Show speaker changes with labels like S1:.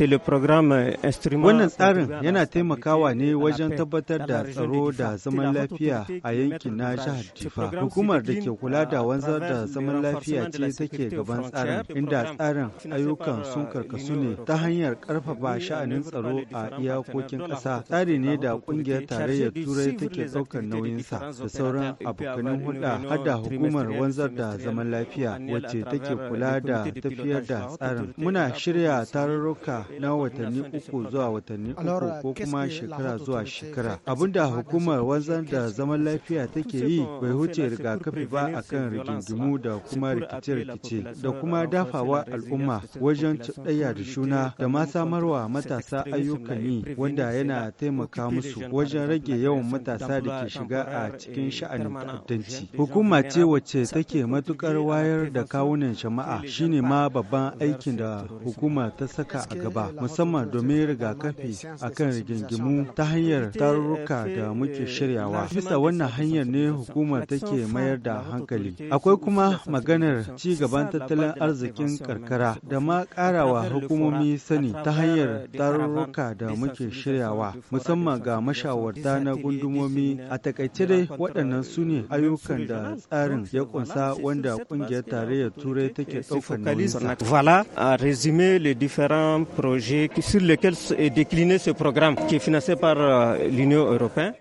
S1: Wannan tsarin yana taimakawa ne wajen tabbatar da tsaro da zaman lafiya a yankin na jihar Jifa. Hukumar da ke kula da wanzar da zaman lafiya ce take gaban tsarin, inda tsarin ayyukan sun euh, karkasu ne ta hanyar karfafa sha'anin tsaro a iyakokin ƙasa. Tsari ne da ƙungiyar tarayyar Turai take ɗaukar nauyinsa da sauran abokanin hulɗa har da hukumar wanzar da zaman lafiya wacce take euh, kula da tafiyar da tsarin. Muna shirya tarurruka na watanni uku zuwa watanni uku ko kuma shekara zuwa shekara abinda hukumar wanzan da zaman lafiya take yi bai huce rigakafi ba akan rigingimu da kuma rikice-rikice da kuma dafawa al'umma wajen cidaya da shuna da ma samarwa matasa ayyukan yi wanda yana taimaka musu wajen rage yawan matasa da ke shiga a cikin sha'anin ta'addanci hukuma ce wacce take matukar wayar da kawunan jama'a shine ma babban aikin da hukuma ta saka a gaba ba musamman domin rigakafi a kan rigingimu ta hanyar tarurruka da muke shiryawa. Bisa wannan hanyar ne hukumar take mayar da hankali. Akwai kuma maganar ci gaban tattalin arzikin karkara da ma karawa hukumomi sani ta hanyar tarurruka da muke shiryawa musamman ga mashawarta na gundumomi a takaice dai waɗannan su ne ayyukan da tsarin ya kunsa wanda ƙungiyar tarayyar turai take ɗaukar nauyin sur lequel est décliné ce programme qui est financé par euh, l'Union européenne.